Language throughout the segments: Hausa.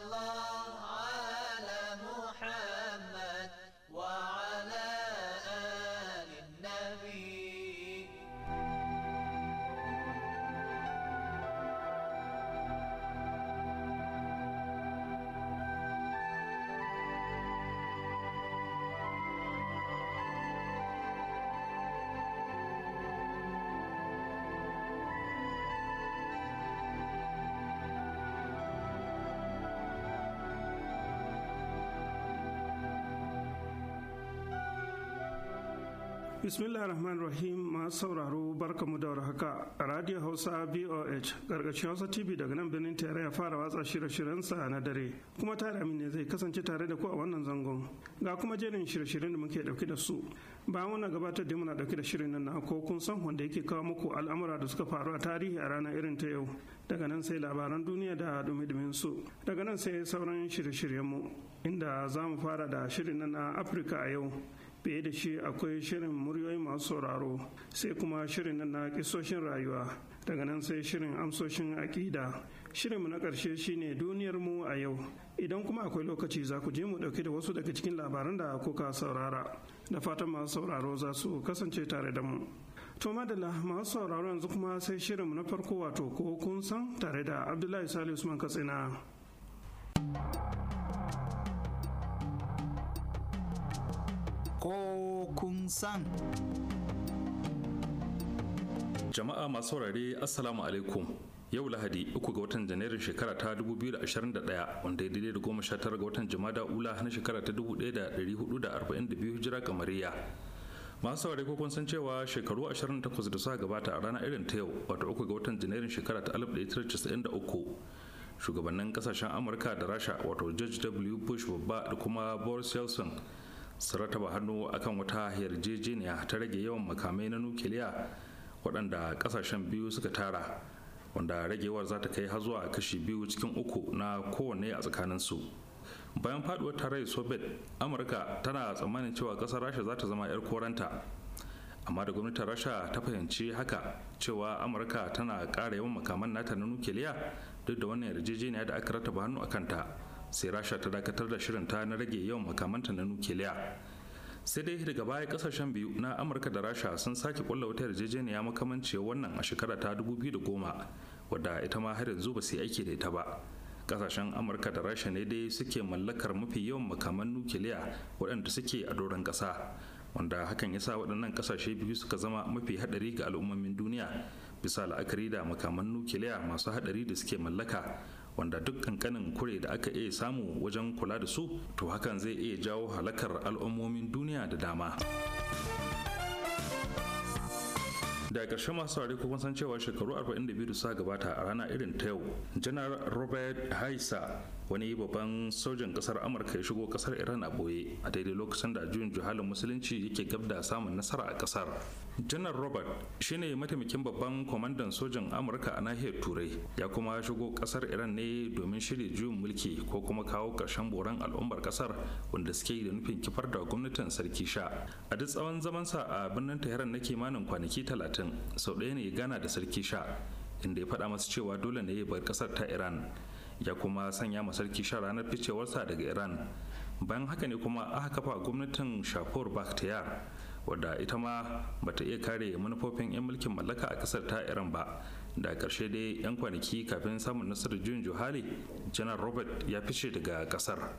Allah bismillah rahman rahim masu sauraro barka mu da haka radio hausa boh gargashin hausa tv daga nan birnin tare ya fara watsa shirye shiryen sa na dare kuma tare amin ne zai kasance tare da ku a wannan zangon ga kuma jerin shirye-shiryen da muke dauke da su bayan muna gabatar da muna dauke da shirin nan na ko kun san wanda yake kawo muku al'amura da suka faru a tarihi a ranar irin ta yau daga nan sai labaran duniya da dumi su daga nan sai sauran shirye shiryen mu. inda za mu fara da shirin nan na afirka a yau fiye da shi akwai shirin muryoyi masu sauraro sai kuma shirin na kisoshin rayuwa daga nan sai shirin amsoshin aƙida. Shirinmu na ƙarshe shine duniyar mu a yau. Idan kuma akwai lokaci za ku je mu ɗauki da wasu daga cikin labaran da kuka saurara. Da fatan masu sauraro za su kasance tare da mu. To madalla masu sauraro yanzu kuma sai shirinmu na farko wato ko kun san tare da Abdullahi Salisu Usman Katsina. ko kun san. Jama'a masu saurare Assalamu alaikum. Yau Lahadi uku ga watan Janairun shekara ta 2021 wanda ya daidai da goma sha tara ga watan Jama'a Ula na shekara ta 1442 Hijira kamariya. masu saurari ko kun san cewa shekaru 28 da suka gabata a ranar irin ta yau wato uku ga watan janairun shekara ta 1993 shugabannin kasashen amurka da rasha wato george w bush babba da kuma boris yeltsin su rataba hannu akan wata yarjejeniya ta rage yawan makamai na nukiliya waɗanda ƙasashen biyu suka tara wanda ragewar za ta kai har zuwa kashi biyu cikin uku na kowane a tsakaninsu bayan faduwar tarayyar soviet amurka tana tsammanin cewa ƙasar rasha za ta zama 'yar koranta amma da gwamnatin rasha ta fahimci haka cewa amurka tana ƙara yawan makaman nata na nukiliya duk da wannan yarjejeniya da aka rataba hannu a kanta sai rasha ta dakatar da shirin ta na rage yawan makamanta na nukiliya sai dai daga baya kasashen biyu na amurka da rasha sun sake kulla wata yarjejeniya makamanci wannan a shekara ta 2010 wadda ita ma har yanzu ba su yi aiki da ita ba kasashen amurka da rasha ne dai suke mallakar mafi yawan makaman nukiliya waɗanda suke a doron ƙasa wanda hakan ya sa waɗannan kasashe biyu suka zama mafi haɗari ga al'ummomin duniya bisa la'akari da makaman nukiliya masu haɗari da suke mallaka wanda duk kankanin kure da aka iya samu wajen kula da su to hakan zai iya jawo halakar al'ummomin duniya da dama daga ƙarshe masu saurari kuma san cewa shekaru 42 da suka gabata a rana irin ta yau janar robert haisa wani babban sojan kasar amurka ya shigo kasar iran a boye a daidai lokacin da juyin juhalin musulunci yake gab da samun nasara a kasar janar robert shine mataimakin babban kwamandan sojan amurka a nahiyar turai ya kuma shigo kasar iran ne domin shirya juyin mulki ko kuma kawo karshen boran al'ummar kasar wanda suke yi da nufin kifar da gwamnatin sarki sha a duk tsawon zamansa a birnin tehran na kimanin kwanaki talatin sau ɗaya ne ya gana da sarki sha inda ya faɗa masa cewa dole ne ya bar kasar ta iran ya kuma sanya ma sarki sha ranar ficewarsa daga iran bayan haka ne kuma aka kafa gwamnatin shakur bakhtiyar wadda ita ma bata iya kare manufofin 'yan mulkin mallaka a kasar ta iran ba da karshe dai 'yan kwanaki kafin samun nasarar juyin juhali janar robert ya fice daga kasar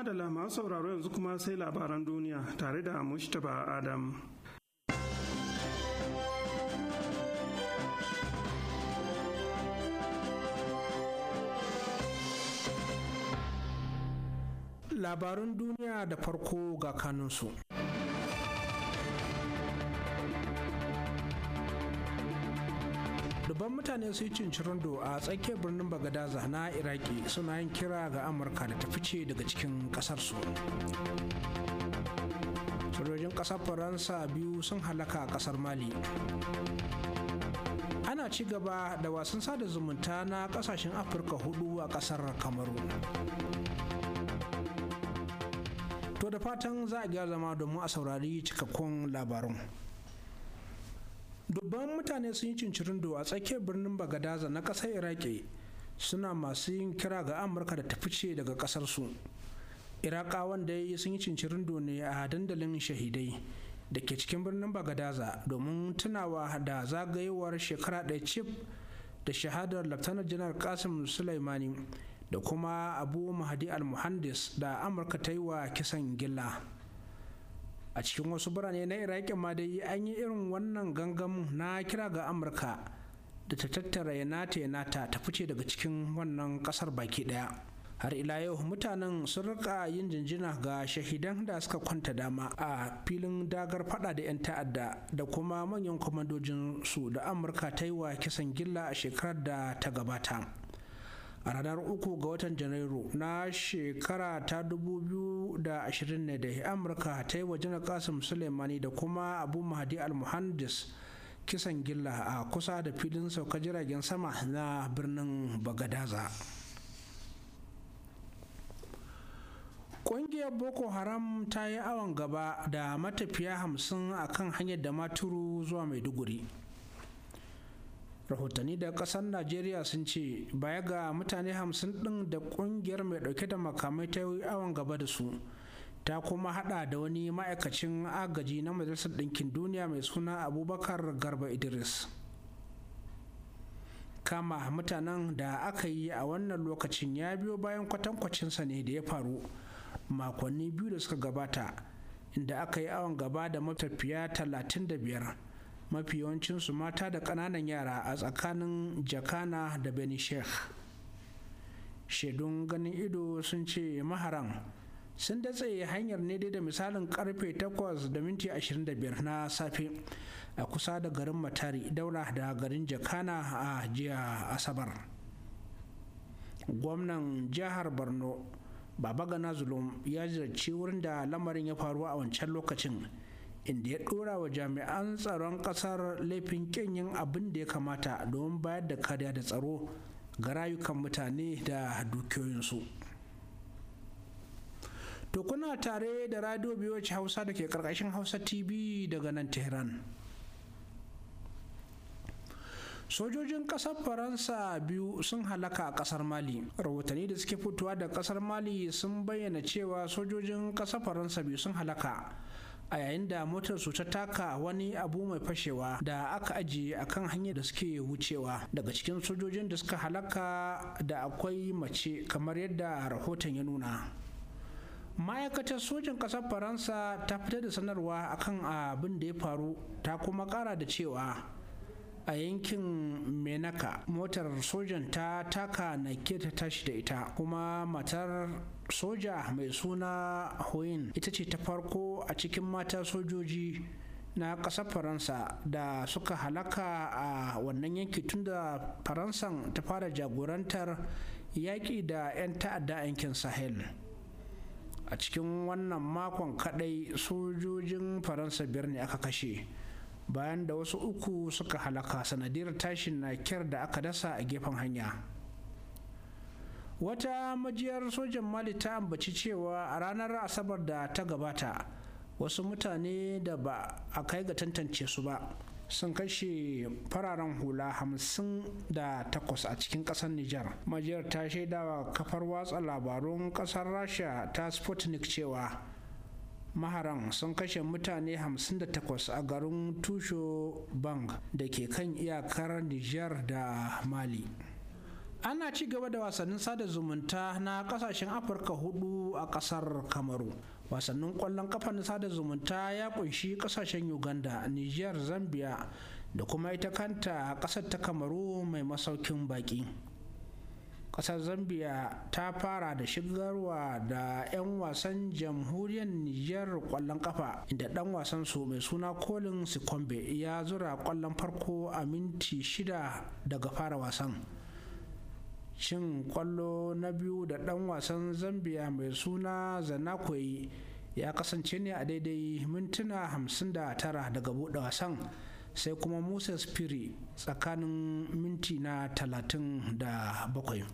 madala masu sauraro yanzu kuma sai labaran duniya tare da mushtaba Adam. Labarun duniya da farko ga kanunsu. dubban mutane sun yi cincirindo a tsakiyar birnin bagadaza na iraki suna yin kira ga amurka da ta fice daga cikin ƙasarsu. sojojin kasar faransa biyu sun halaka a kasar mali ana ci gaba da wasan sada zumunta na kasashen afirka hudu a kasar kamaru to da fatan za a gyara zama domin a saurari cikakkun labarun dubban mutane sun yi cincirindo a tsakiyar birnin bagadaza na ƙasar iraki suna masu yin kira ga amurka da ta fice daga ƙasarsu irakawan yi sun yi cincirindo ne a dandalin shahidai da ke cikin birnin bagadaza domin tunawa da zagayewar shekara ɗaya cif da shahadar laftanar janar kasim sulaimani da kuma abu mahadi al-muhandis da amurka ta yi wa kisan gilla a cikin wasu birane na iraki ma dai an yi irin wannan gangamin na kira ga amurka da ta tattara ya nata ya nata ta fice daga cikin wannan kasar baki daya har ila yau mutanen sun rika yin jinjina ga shahidan da suka kwanta dama a filin dagar fada da 'yan ta'adda da kuma manyan kwamandojin su da amurka ta yi wa kisan gilla a shekarar da ta gabata a ranar uku ga watan janairu na shekara ta 2020 ne da amurka ta yi wajen kasim suleimani da kuma abu mahadi al-muhandis kisan gilla a kusa da filin sauka jiragen sama na birnin bagadaza ƙungiyar boko haram ta yi awon gaba da matafiya hamsin akan hanyar da maturu zuwa maiduguri rahotanni da kasar najeriya sun ce baya ga mutane hamsin ɗin da ƙungiyar mai ɗauke da makamai ta yi awon gaba da su ta kuma hada da wani ma'aikacin agaji na majalisar ɗinkin duniya mai suna abubakar garba idris kama mutanen da aka yi a wannan lokacin ya biyo bayan kwatankwacinsa ne da ya faru makonni biyu da suka gabata inda aka yi awon gaba da matafiya 35 mafi yawancinsu mata da ƙananan yara a tsakanin jakana da beni sheikh shaidun ganin ido sun ce maharan sun datse hanyar ne dai da misalin karfe 8 da minti 25 na safe a kusa da garin matari daura da garin jakana a jiya asabar gwamnan jihar borno baba gana zulum ya ziyarci wurin da lamarin ya faru a wancan lokacin inda ya dora wa jami'an tsaron kasar laifin ƙin yin abin da ya kamata domin bayar da kariya da tsaro ga rayukan mutane da dukiyoyinsu to kuna tare da radio biyoci hausa da ke karkashin hausa tv daga nan tehran sojojin kasar faransa biyu sun halaka a kasar mali rahotanni da suke fitowa da kasar mali sun bayyana cewa sojojin kasar faransa biyu sun halaka a yayin da motar su ta taka wani abu mai fashewa da aka ajiye a kan hanyar da suke wucewa daga cikin sojojin da suka halaka da akwai mace kamar yadda rahoton ya nuna ma'aikatar sojin ƙasar faransa ta fitar da sanarwa akan abin da ya faru ta kuma ƙara da cewa a yankin menaka motar sojan ta taka na ta tashi da ita kuma matar soja mai suna hoyin ita ce ta farko a cikin mata sojoji na ƙasar faransa da suka halaka a wannan yanki tun da faransan ta fara jagorantar yaƙi da 'yan ta'adda yankin sahel a cikin wannan makon kadai sojojin faransa biyar ne aka kashe bayan da wasu uku suka halaka sanadiyar tashin na kyar da aka dasa a gefen hanya wata majiyar sojan mali ta ambaci cewa a ranar asabar da ta gabata wasu mutane da ba a kai ga tantance su ba sun kashe fararen hula hamsin da takwas a cikin kasar Nijar. Majiyar ta shaidawa kafar watsa labarun kasar Rasha ta Sputnik cewa maharan sun kashe mutane 58 a garin Tusho Bank da ke kan iyakar Nijar da Mali. ana ci gaba da wasannin sada zumunta na kasashen afirka hudu a kasar kamaru wasannin kwallon kafa na sada zumunta ya kunshi kasashen uganda niger zambia da kuma ita kanta kasar ta kamaru mai masaukin baki kasar zambia ta fara da shigarwa da 'yan wasan jamhuriyar niger kwallon kafa inda dan wasan su mai suna colin sikombe ya zura kwallon farko a minti shida daga fara wasan shin kwallo na biyu da ɗan wasan zambia mai suna zanakwai ya kasance ne a daidai mintuna 59 daga buɗe wasan sai kuma musa spiri tsakanin minti na 37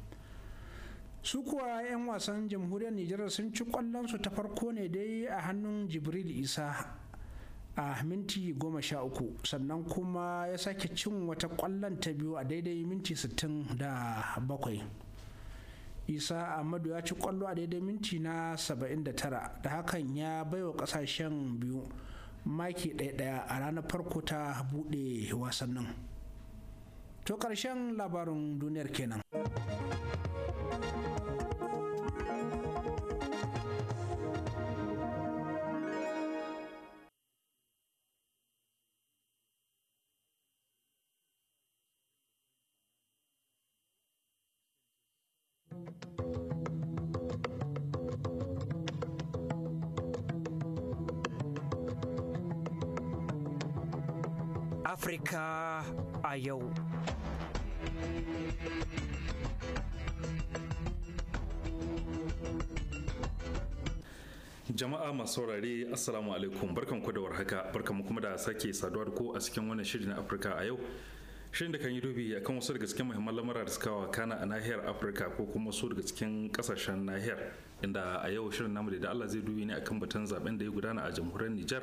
su kuwa 'yan wasan jamhuriyar nijar sun ci kwallonsu ta farko ne dai a hannun jibril isa a minti goma sha uku sannan kuma ya sake cin wata kwallon ta biyu a daidai minti sittin da bakwai isa ahmadu ya ci kwallo a daidai minti na saba'in da tara da hakan ya baiwa kasashen biyu maki ɗaya a ranar farko ta buɗe wasannin to ƙarshen labarin duniyar kenan Afrika a yau. Jama'a masu saurare Assalamu alaikum barkan ku da warhaka barkan kuma da sake saduwa ko a cikin wannan shirin na Afirka a yau. Shirin da kan yi dubi akan wasu daga cikin muhimman lamura da suka kana a nahiyar Afirka ko kuma wasu daga cikin kasashen nahiyar inda a yau shirin namu da Allah zai dubi ne akan batun zaben da ya gudana a jamhuriyar Nijar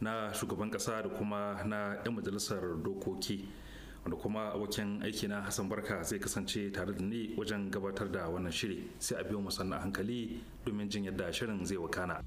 na shugaban kasa da kuma na 'yan majalisar dokoki wanda kuma abokin aiki na hassan barka zai kasance tare da ni wajen gabatar da wannan shiri sai a biyo sannan hankali domin jin yadda shirin zai wakana.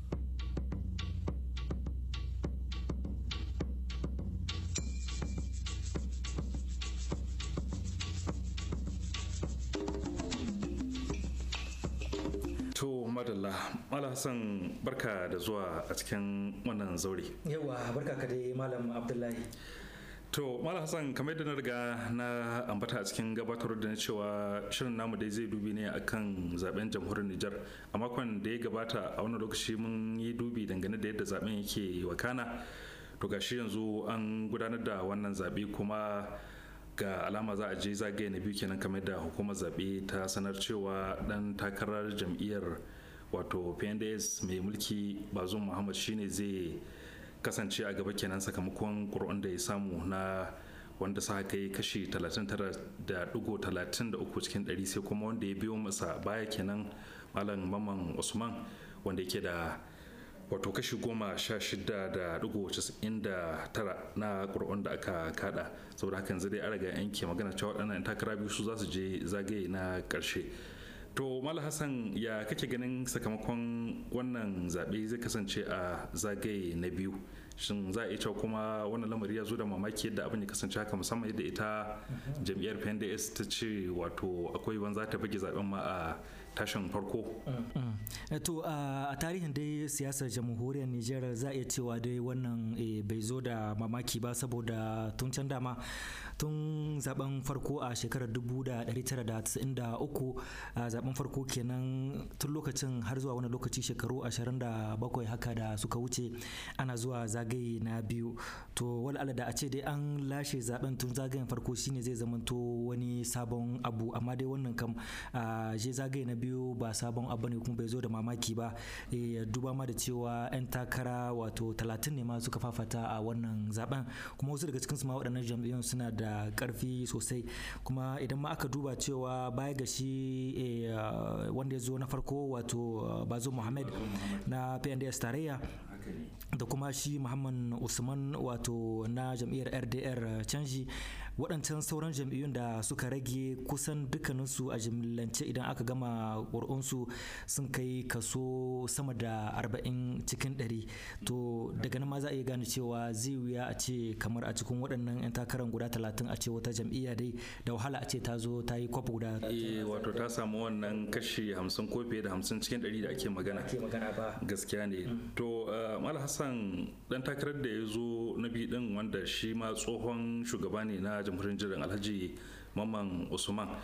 Malam Hassan barka da zuwa a cikin wannan zaure. Yawa barka ka dai Malam Abdullahi. To Malam Hassan kamar da na riga na ambata a cikin gabatar da na cewa shirin namu dai zai dubi ne akan zaben jamhuriyar Nijar a makon da ya gabata a wani lokaci mun yi dubi dangane da yadda zaben yake wakana to gashi yanzu an gudanar da wannan zabe kuma ga alama za a je zagaye na biyu kenan kamar da hukumar zabe ta sanar cewa dan takarar jam'iyyar wato pendes mai mulki bazon muhammad shine zai kasance a gaba kenan sakamakon kur'an da ya samu na wanda sa kai kashi 39.33 cikin 100 sai kuma wanda ya biyo masa baya kenan malam maman usman wanda yake da wato kashi goma sha shida da digo casa'in da tara na kur'an da aka kada saboda hakan zai dai an riga yanke magana cewa waɗannan takara biyu su za su je zagaye na ƙarshe to mala hassan ya kake ganin sakamakon wannan zaɓe zai kasance a zagaye na biyu shin za a iya cewa kuma wannan lamari ya zo da mamaki yadda abin ya kasance haka musamman yadda ita jam'iyyar pnds ta ce wato akwai wanza ta buge zaɓen ma a tashin farko eh, to a tarihin dai siyasar jamhuriyar nijar za a iya cewa dai wannan eh, bai zo da mamaki ba saboda tun can dama tun zaben farko a shekarar 1993 a zaben farko kenan tun lokacin har zuwa wani lokaci shekaru 27 haka da suka wuce ana zuwa zagaye na biyu to wal'ala da a ce dai an lashe zaben tun zagayen farko shine zai zamanto wani sabon abu amma dai wannan kam a je zagaye na biyu ba sabon abu ne kuma bai zo da mamaki ba eh, duba ma da cewa 'yan takara wato 30 ne ma suka fafata a wannan zaben kuma wasu daga cikin su ma waɗannan jam'iyyun suna da ƙarfi karfi sosai kuma idan ma aka duba cewa baya ga shi eh, wanda ya zo na farko wato eh, bazo muhammad na pnds tarayya da kuma shi muhammad usman wato na jam'iyyar rdr canji waɗancan sauran jam'iyyun da suka rage kusan dukkaninsu a jimillance idan aka gama ƙuri'unsu sun kai kaso sama da 40 cikin 100 to daga nan ma za a iya gane cewa zai wuya a ce kamar a cikin waɗannan 'yan takarar guda 30 a ce wata jam'iyya dai da wahala a ce ta zo ta yi kwafa guda eh, wato ta samu wannan kashi 50 ko fiye da 50 cikin 100 da ake magana gaskiya ne mm. to eh, mal hassan dan takarar da ya zo na biyu ɗin wanda shi ma tsohon shugaba ne na Jamhuri Jereng Al-Haji Mamang Osumang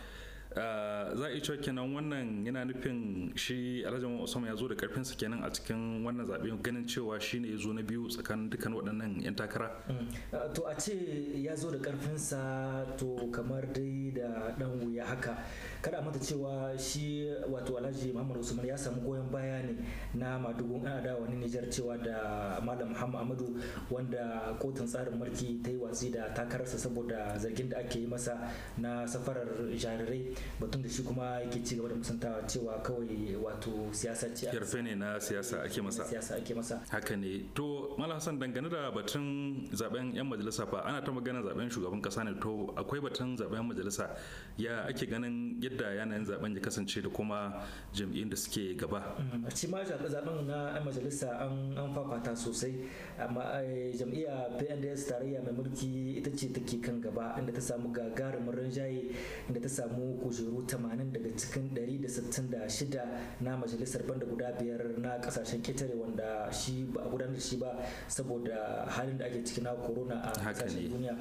Eh, za a yi cewa kenan wannan yana nufin shi alhaji usman ya zo da karfinsa kenan a cikin wannan zaɓe ganin cewa shi ne ya zo na biyu tsakanin dukkan waɗannan 'yan takara mm. eh, to a ce ya zo da karfinsa to kamar dai da ɗan wuya haka kada a mata cewa shi wato alhaji muhammad usman ya samu goyon baya ne na madugun yan adawa na nijar cewa da malam Muhammadu wanda kotun tsarin mulki ta yi watsi da takararsa saboda zargin da ake yi masa na safarar jarirai batun da shi kuma yake ci gaba da musantawa cewa kawai wato siyasa ce yarfe ne na siyasa ake masa siyasa ake masa haka ne to mala hasan dangane da batun zaben yan majalisa fa ana ta magana zaben shugaban kasa ne to akwai batun zaben majalisa ya ake ganin yadda yanayin zaben ya kasance da kuma jam'iyyun da suke gaba mm-hmm. a ci ma zaben na yan majalisa an fafata sosai amma eh, jam'iyya PNDS tarayya mai mulki ita ce take kan gaba inda ta samu gagarumin rinjaye inda ta samu kujeru 80 daga cikin 166 na majalisar banda guda biyar na kasashen ketare wanda shi ba a gudanar da shi ba saboda halin da ake ciki na corona a kasashen duniya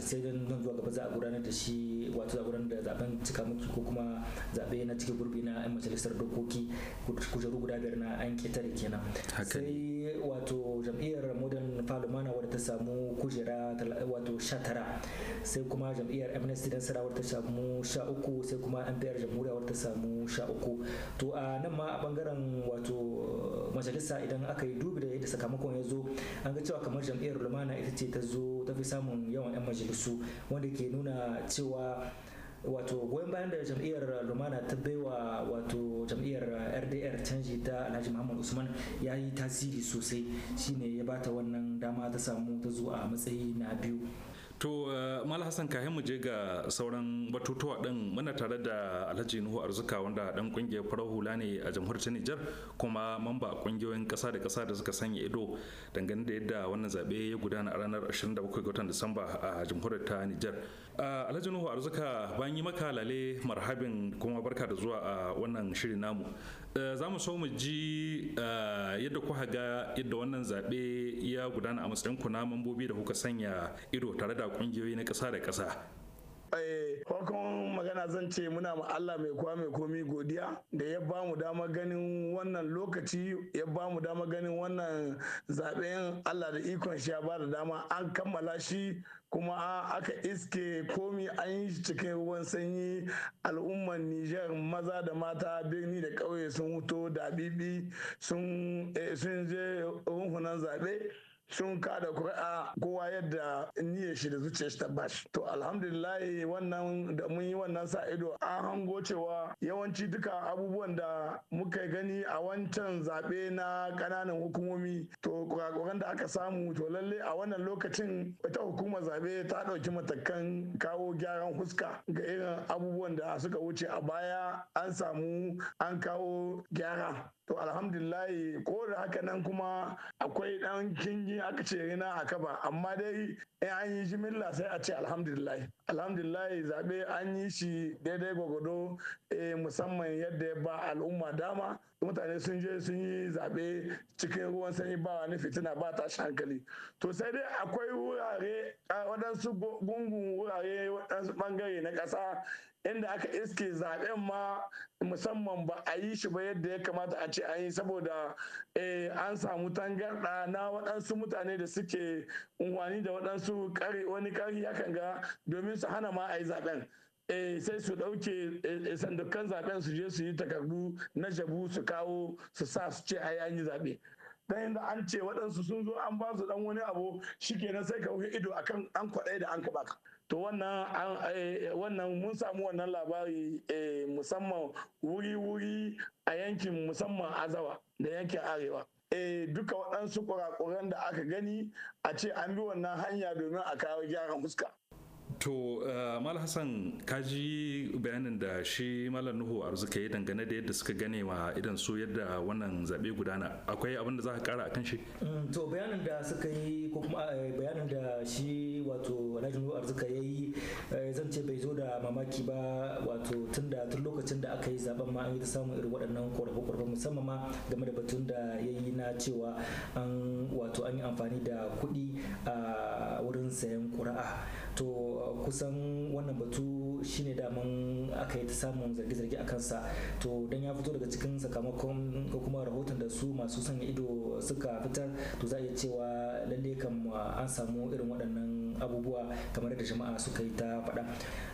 sai dan don zuwa gaba za a gudanar da shi wato za a gudanar da zaben cika mutu ko kuma zabe na cikin gurbi na 'yan majalisar dokoki kujeru guda biyar na an ketare kenan sai wato jam'iyyar modern falumana wadda ta samu kujera wato sha tara sai kuma jam'iyyar amnesty nasara wadda ta samu sha uku sai kuma mpr jamhuriya wadda ta samu sha uku to a nan ma a bangaren wato uh, majalisa idan aka yi dubi da yadda sakamakon ya zo an ga cewa kamar jam'iyyar lumana ita ce ta zo ta fi samun yawan 'yan majalisu wanda ke nuna cewa wato goyon bayan da jam'iyyar lumana ta baiwa wato jam'iyyar rdr canji ta alhaji muhammad usman ya yi tasiri sosai shi ne ya bata wannan dama ta samu ta zuwa a matsayi na biyu To eh, Mal Hassan kahin mu je ga sauran batutuwa din muna tare da Alhaji Nuhu Arzuka wanda dan kungiyar farar hula ne a jamhuriyar ta Nijar kuma mamba kungiyoyin kasa da kasa da suka sanya ido dangane da yadda wannan zabe ya gudana a ranar 27 ga watan Disamba a jamhuriyar ta Nijar. alhaji nuhu arzuka bayan yi maka lale marhabin kuma barka da zuwa a wannan shirin namu eh, za mu so mu ji eh, yadda kuka ga yadda wannan zaɓe ya gudana a matsayin ku na mambobi da kuka sanya ido tare da ƙungiyoyi na ƙasa da ƙasa eh, farkon magana zan ce muna ma Allah mai kwa mai komi godiya da ya ba mu dama ganin wannan lokaci ya ba mu dama ganin wannan zaɓen Allah da ikon shi ya ba da dama an kammala shi kuma aka iske komi an yi shi cikin ruwan sanyi al'ummar Nijar maza da mata birni da ƙauye sun wuto da bibi eh, sun je runhunan zaɓe sun kada kuri'a kowa yadda niyyar shi da zuciya shi ta bashi to alhamdulillah wannan da mun yi wannan sa ido an hango cewa yawanci duka abubuwan da muka gani a wancan zaɓe na ƙananan hukumomi to kurakuran da aka samu to lalle a wannan lokacin wata hukumar zaɓe ta ɗauki matakan kawo gyaran fuska ga irin abubuwan da suka wuce a baya an samu an kawo gyara to alhamdulillah ko da haka nan kuma akwai ɗan kingi yi aka ce rina haka ba amma dai in an yi jimilla sai a ce alhamdulillah alhamdulillah zaɓe an yi shi daidai gwagwado eh, musamman yadda ya ba al'umma dama mutane sun je sun yi zaɓe cikin ruwan sanyi ba wani fitina ba ta hankali to sai dai akwai wurare waɗansu gungun wurare waɗansu ɓangare na ƙasa inda aka iske zaɓen ma musamman ba a yi shi ba yadda ya kamata a ce a yi saboda eh, an samu tangarɗa na waɗansu mutane da suke unwani da waɗansu wani ƙari kan ga domin su hana ma a yi zaɓen. Eh, sai su ɗauke eh, eh, sandukan zaben su je su yi takardu na jabu su kawo su sa su ce ai an yi zaɓe dan yadda an ce waɗansu sun zo an ba su dan wani abu shikenan sai ka wuce ido akan an kwaɗai da an ka to wannan wannan mun samu wannan labari musamman wuri-wuri a yankin musamman azawa da yankin arewa duka waɗansu kurakuran da aka gani a ce an bi wannan hanya domin a kawo gyaran fuska to eh, mal hassan kaji bayanin da shi malar nuhu arzuka yi dangane da yadda suka gane wa idan su yadda wannan zaɓe gudana akwai abin da za ka kara akan shi mm, to bayanin da suka yi ko kuma eh, bayanin da shi wato alhaji nuhu arzuka ya yi eh, zan ce bai zo da mamaki ba wato tun da tun lokacin da aka yi zaben ma an yi ta samun irin waɗannan ƙorafe-ƙorafe musamman ma game da batun da ya yi na cewa an wato an yi amfani da kuɗi a wurin sayan ƙuri'a to uh, kusan wannan batu shine daman aka yi ta samun zarge-zarge a kansa to don ya fito daga cikin sakamakon ko rahoton da su masu sanya ido suka fitar to za a iya cewa lalle kam uh, an samu irin waɗannan abubuwa kamar da jama'a suka yi ta faɗa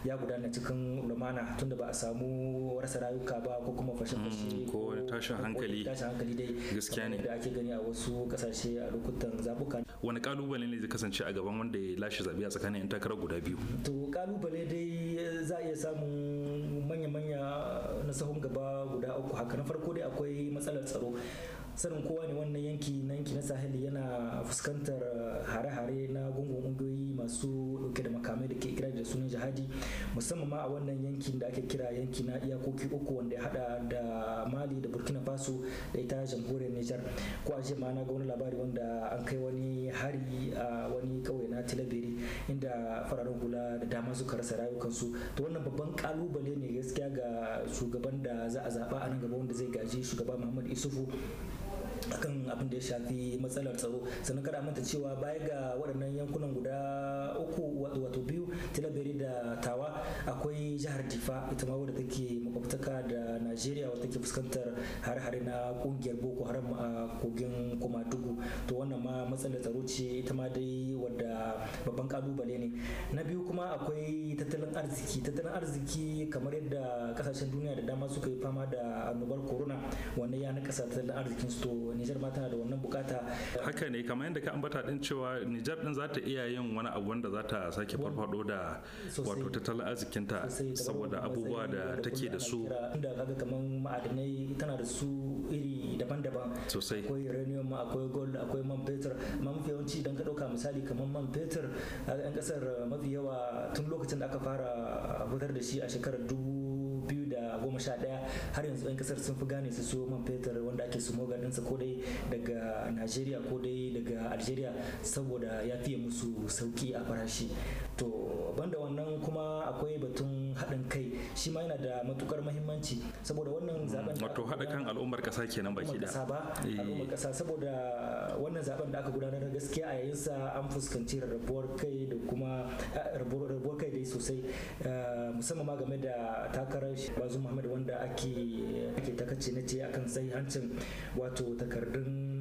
ya gudana cikin lumana tunda ba a samu rasa rayuka ba ko kuma fashe-fashe hmm, ko wani tashin hankali dai gaskiya ne da ake gani a wasu kasashe a lokutan zabuka wani kalubale ne zai kasance a gaban wanda ya lashe zaɓe a tsakanin 'yan takarar shekara guda biyu to kalubale dai eh, za a iya samun manya-manya na sahun gaba guda uku haka na farko dai akwai matsalar tsaro sanin kowa ne wannan yanki na yanki na sahel yana fuskantar eh, hare-hare na gungun ungoyi masu dauke da makamai da ke kira da sunan jihadi musamman ma a wannan yankin da ake kira yanki na iyakoki uku wanda ya hada da mali da burkina faso da ita jamhuriyar nijar ko a ce ma na ga wani labari wanda an kai wani hari a wani kauye na tilabiri inda fararen hula da dama suka rasa rayukansu to wannan babban kalubale ne gaskiya ga shugaban da za a zaba a nan gaba wanda zai gaji shugaba muhammad isufu kan abin da ya shafi matsalar tsaro sannan kada manta cewa baya ga waɗannan yankunan guda uku wato biyu tilabiri da tawa akwai jihar difa ita ma wadda take makwabtaka da najeriya wadda take fuskantar hare-hare na kungiyar boko haram a kogin kumadugu to wannan ma matsalar tsaro ce ita ma dai wadda babban kalubale ne na biyu kuma akwai tattalin arziki tattalin arziki kamar yadda kasashen duniya da dama suka yi fama da annobar corona wannan ya na tattalin arzikin su Nijar ma tana da wannan bukata haka ne kamar yadda ka ambata din cewa Nijar din za ta iya yin wani abu wanda za ta sake farfado da wato tattalin arzikinta saboda abubuwa da take da su inda kaga kamar ma'adanai tana da su iri daban-daban sosai akwai uranium akwai gold akwai man fetur amma mafi yawanci idan ka ɗauka misali kamar man fetur yan kasar mafi yawa tun lokacin da aka fara fitar da shi a shekarar dubu a goma sha ɗaya har yanzu 'yan kasar sun fi gane su siyo man fetur wanda ake moga ɗinsa ko dai daga nigeria ko dai daga algeria saboda ya fiye musu sauki a farashi to banda wannan kuma akwai batun haɗin kai shi ma yana da matukar mahimmanci saboda wannan mm, zaben wato haɗa kan al'ummar ƙasa kenan baki da ba eh. al'ummar ƙasa saboda wannan zaben da aka gudanar gaskiya a yayin sa an fuskanci rarrabuwar kai da kuma eh, rarrabuwar kai dai sosai eh, musamman ma game da takarar bazu muhammad wanda ake ake takacce na ce akan sai hancin wato takardun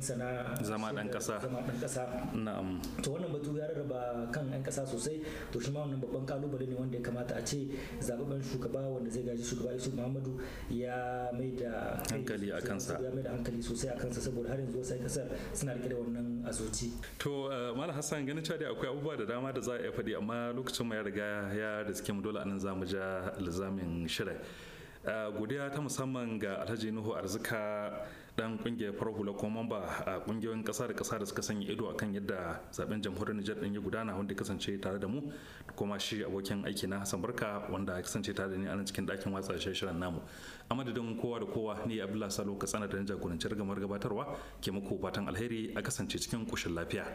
sana zama dan kasa zama dan kasa na'am to wannan batu ya rarraba kan yan kasa sosai to shi ma wannan babban kalubale ne wanda ya kamata a ce zababben shugaba wanda zai gaji shugaba Yusuf Muhammadu ya mai da hankali a kansa ya mai da hankali sosai a kansa saboda har yanzu wasu kasar suna rike da wannan azoci to eh, malam Hassan ganin cewa akwai abubuwa da dama da za a iya faɗi amma lokacin mu ya riga ya da suke mu dole anan za mu ja lizamin shirin eh, godiya ta musamman ga Alhaji Nuhu Arzika dan kungiyar farhula ko mamba a kungiyoyin kasa da kasa da suka sanya ido a kan yadda zaben jamhuriyar Nijar din ya gudana wanda kasance tare da mu kuma shi abokin aiki na Hassan Barka wanda ya kasance tare da ni a cikin dakin watsa shirin namu a madadin kowa da kowa ni Abdullahi Salo ka tsana da ni jagorancin gamar gabatarwa ke muku fatan alheri a kasance cikin kushin lafiya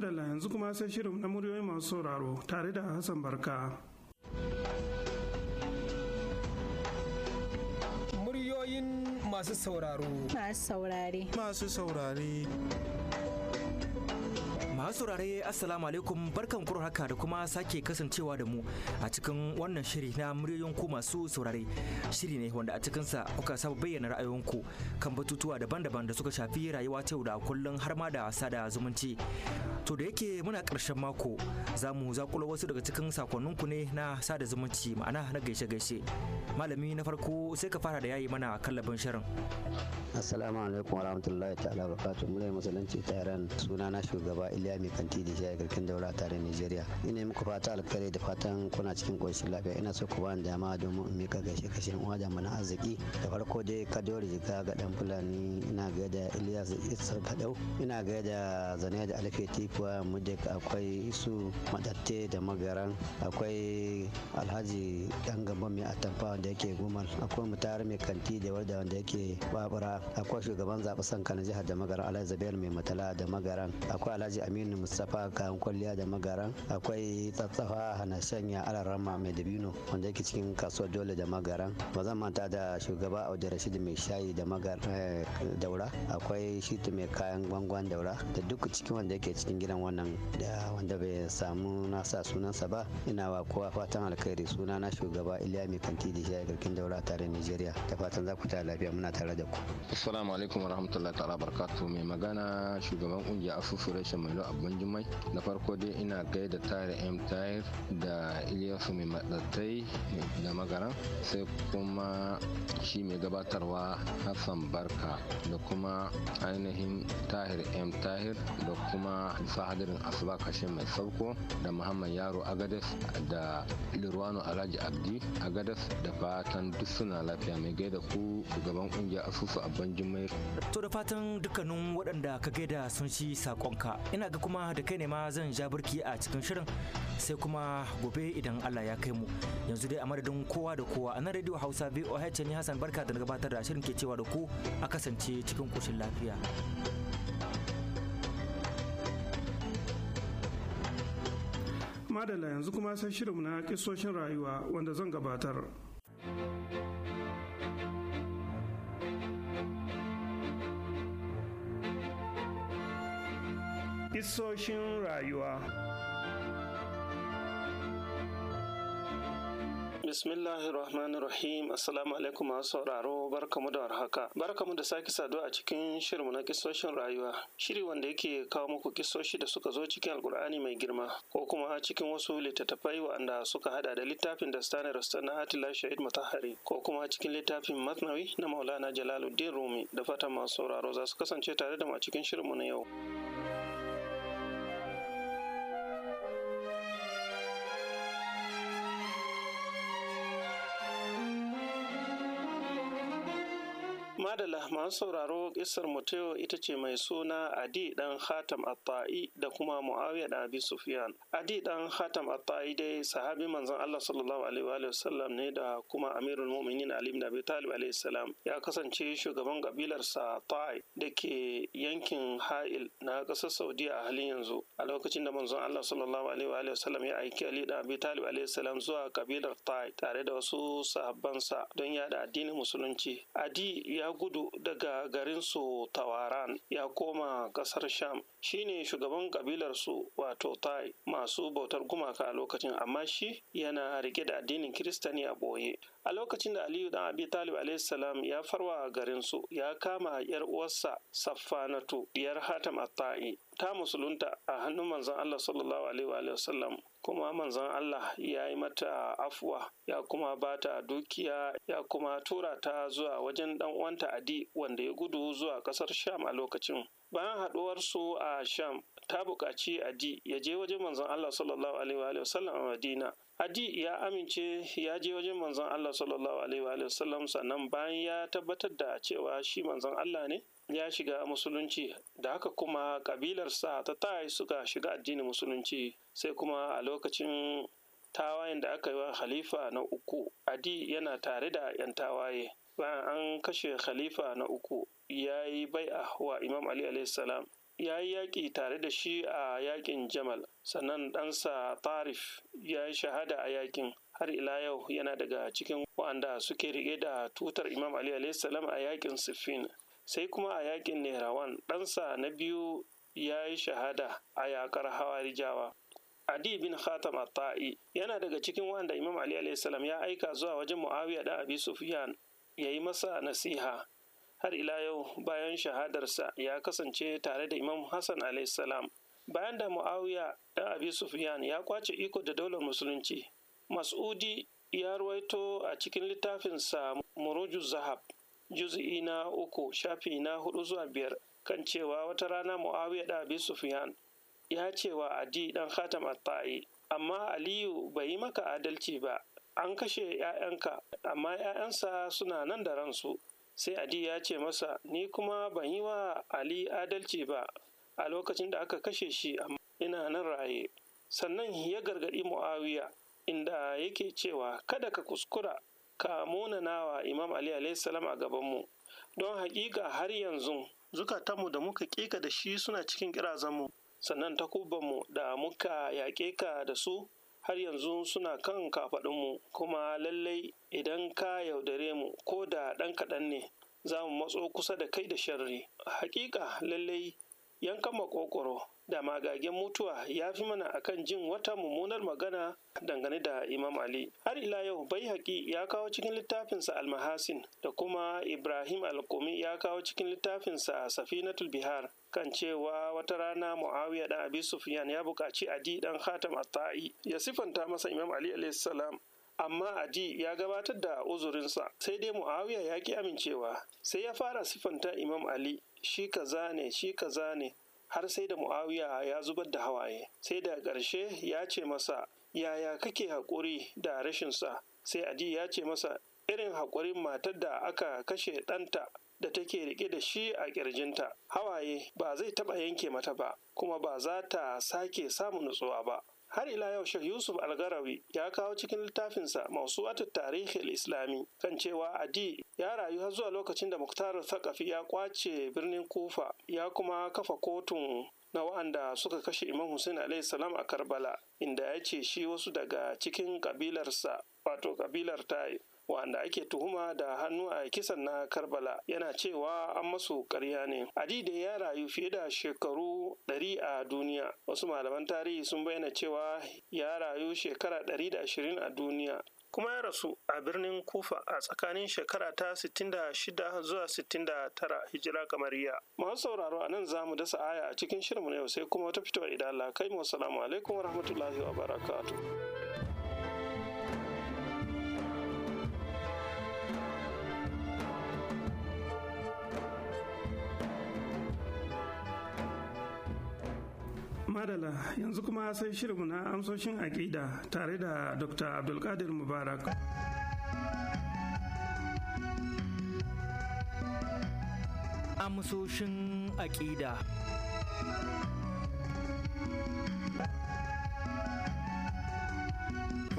madalla yanzu kuma sai shirin na muryoyi masu sauraro tare da Hassan Barka. Muryoyin masu sauraro. Masu saurare. Masu saurare. Masu saurare Assalamu alaikum barkan kuro haka da kuma sake kasancewa da mu a cikin wannan shiri na muryoyin masu saurare. Shiri ne wanda a cikinsa kuka saba bayyana ra'ayoyinku kan batutuwa daban-daban da suka shafi rayuwa ta yau da kullum har ma da sada zumunci. To da yake muna karshen mako za mu zakulo wasu daga cikin sakonninku ne na sada zumunci ma'ana na gaishe-gaishe. Malami na farko sai ka fara da yayi mana kallabin shirin. Assalamu alaikum warahmatullahi ta'ala barakatuh. muna musulunci ta Iran sunana shugaba iliya mai kanti da shayi garkin daura tare nigeria ina muku fata alkhairi da fatan kuna cikin ƙoshin lafiya ina so ku ba ni dama domin in mika gaishe kashe uwa da mana arziki da farko dai dore jika ga dan fulani ina gaida Ilyas isar gadau ina gaida zane da alfe tifuwa mudik akwai isu madatte da magaran akwai alhaji dan gaba mai atamfa wanda yake gumal akwai mutare mai kanti da warda wanda yake babura akwai shugaban zaɓe sanka na jihar da magaran alhaji zabiyar mai matala da magaran akwai alhaji amin aminu mustapha kayan kwalliya da magaran akwai tsatsafa hana shanya alarama mai dabino wanda yake cikin kasuwar dole da magaran ba zan manta da shugaba audu rashid mai shayi da magar eh, daura akwai shitu mai kayan gwangwan daura da duk cikin wanda yake cikin gidan wannan da wanda bai samu nasa sunansa ba ina wa kowa fatan alkhairi suna na shugaba iliya mai kanti da shayi garkin daura tare nigeria da fatan za ku ta lafiya muna tare da ku assalamu alaikum warahmatullahi ta'ala barkatu mai magana shugaban kungiyar asusu rashin mai abun jimai na farko dai ina gaida tare m tahir da iliyasu mai matsattai da magaran sai kuma shi mai gabatarwa hassan barka da kuma ainihin tahir m tahir da kuma sahadarin asuba kashe mai sauko da muhammad yaro agades da lirwano alhaji abdi agades da fatan duk suna lafiya mai gaida ku gaban kungiyar asusu abban jimai to da fatan dukkanin waɗanda ka gaida sun ci sakonka ina ga kuma da kai ne ma zan ja birki a cikin shirin sai kuma gobe idan Allah ya kai mu yanzu dai a madadin kowa da kowa a nan radio hausa voh ne hassan barka da gabatar da shirin ke cewa da ku a kasance cikin koshin lafiya madalla yanzu kuma sai shirin na kisoshin rayuwa wanda zan gabatar Isoshin rayuwa. Bismillahir Rahmanir Rahim. Assalamu alaikum masu sauraro barkamu da warhaka. Barkamu da sake saduwa a cikin shirmu na kisoshin rayuwa. Shiri wanda yake kawo muku kisoshi da suka zo cikin Alkur'ani mai girma ko kuma cikin wasu littattafai wanda suka hada da littafin da Stani Rastan na Atila Shahid Mutahari ko kuma cikin littafin matnawi na Maulana Jalaluddin Rumi da fatan masu sauraro za su kasance tare da mu a cikin shirinmu na yau. madala masu sauraro kisar muteo ita ce mai suna adi dan hatam atta'i da kuma muawiya da abi sufyan adi dan hatam atta'i dai sahabi manzon allah sallallahu alaihi wa sallam ne da kuma amirul mu'minin ali ibn abi talib alaihi salam ya kasance shugaban kabilar sa ta'i da ke yankin ha'il na kasar saudi a halin yanzu a lokacin da manzon allah sallallahu alaihi wa sallam ya aiki ali da abi talib alaihi salam zuwa kabilar ta'i tare da wasu sahabbansa don yada addinin musulunci adi ya gudu kudu daga garinsu tawaran ya koma kasar sham shi ne shugaban ƙabilarsu wato tai masu bautar gumaka a lokacin amma shi yana rike da addinin kiristani a ɓoye a lokacin da aliyu dan abi talib alaihissalam ya farwa su ya kama yar uwarsa saffanatu yar hatam atta'i ta musulunta a hannun manzon allah sallallahu alaihi wasallam kuma manzon allah ya yi mata afuwa ya kuma bata dukiya ya kuma tura ta zuwa wajen dan uwanta adi wanda ya gudu zuwa kasar sham a lokacin bayan haɗuwarsu a sham ta buƙaci adi ya je wajen manzon Allah sallallahu alaihi wa sallam a Madina adi ya amince ya je wajen manzon Allah sallallahu alaihi wa sallam sannan bayan ya tabbatar da cewa shi manzon Allah ne ya shiga musulunci da haka kuma kabilarsa ta tai suka shiga addinin musulunci sai kuma a lokacin tawayen da aka yi wa khalifa na uku adi yana tare da 'yan tawaye bayan an kashe khalifa na uku ya yi bai'a wa imam ali salam ya yi yaƙi tare da shi a yaƙin Jamal, sannan ɗansa Tarif ya yi shahada a yaƙin. Har ila yau yana daga cikin waɗanda suke riƙe da tutar Imam Ali salam a yaƙin Siffin. Sai kuma a yaƙin Nehrawan, ɗansa na biyu ya yi shahada a yaƙar Hawarijawa. Adi bin Khatam At-Ta'i yana daga cikin waɗanda Imam Ali salam ya aika zuwa wajen Muawiya da Abi Sufyan ya yi masa nasiha har ila yau bayan shahadarsa ya kasance tare da imam hassan salam bayan da muawiya ɗan abi sufyan ya kwace iko da daular musulunci mas'udi ya ruwaito a cikin littafinsa muruju zahab juzi'i na uku shafi na hudu zuwa biyar kan cewa wata rana muawiya ɗan abi sufyan ya ce wa adi ɗan khatam atta'i amma aliyu bai yi maka adalci ba an kashe 'ya'yanka amma 'ya'yansa suna nan da ransu sai adi ya ce masa ni kuma ban yi wa ali adalci ba a lokacin da aka kashe shi amma ina nan raye sannan ya gargaɗi mu'awiya inda yake cewa kada ka kuskura ka munanawa imam ali alaihissalam a gabanmu don haƙiƙa har yanzu zukatanmu da muka ƙiƙa da shi suna cikin ƙirazanmu sannan takubanmu da muka yaƙe ka da su har yanzu suna kan kafaɗinmu kuma lallai idan ka yaudare mu ko da ɗan kaɗan ne za mu matso kusa da kai da sharri hakika lallai yankan maƙoƙoro da magagen mutuwa ya fi mana akan jin wata mummunar magana dangane da Imam Ali. Har ila yau bai haƙi ya kawo cikin littafinsa almahasin da kuma Ibrahim Alkumi ya kawo cikin littafinsa Safinatul Bihar kan cewa wata rana Muawiya dan Abi Sufyan ya buƙaci Adi dan Khatam at ya sifanta masa Imam Ali alayhi salam amma Adi ya gabatar da uzurinsa sai dai Muawiya ya ki amincewa sai ya fara sifanta Imam Ali shi kaza ne shi kaza ne har sai da muawiya ya zubar da hawaye sai da ƙarshe ya ce masa yaya kake haƙuri da rashin sa sai adi ya ce masa irin haƙurin matar da aka kashe ɗanta da take riƙe da shi a ƙirjinta hawaye ba zai taɓa yanke mata ba kuma ba za ta sake samun nutsuwa ba har ila yau Sheikh Yusuf Algarawi ya kawo cikin littafinsa masu wata tarihi Islami kan cewa Adi ya rayu har zuwa lokacin da Muktar Thaqafi ya kwace birnin Kufa ya kuma kafa kotun na wa'anda suka kashe Imam Hussein alayhi salam a Karbala inda ya ce shi wasu daga cikin kabilarsa wato kabilar ta wanda ake tuhuma da hannu a kisan na Karbala yana cewa an masu ƙarya ne. Adi da ya rayu fiye da shekaru ɗari a duniya. Wasu malaman tarihi sun bayyana cewa ya rayu shekara ɗari da ashirin a duniya. kuma ya rasu a birnin kufa a tsakanin shekara ta shida zuwa tara, hijira kamariya masu sauraro a nan zamu dasa aya a cikin shirinmu na yau sai kuma wata fitowa idan Allah kai mu assalamu alaikum wa barakatu. madala yanzu kuma sai shirinmu na amsoshin aƙida tare da dr abdulkadir mubarak amsoshin aƙida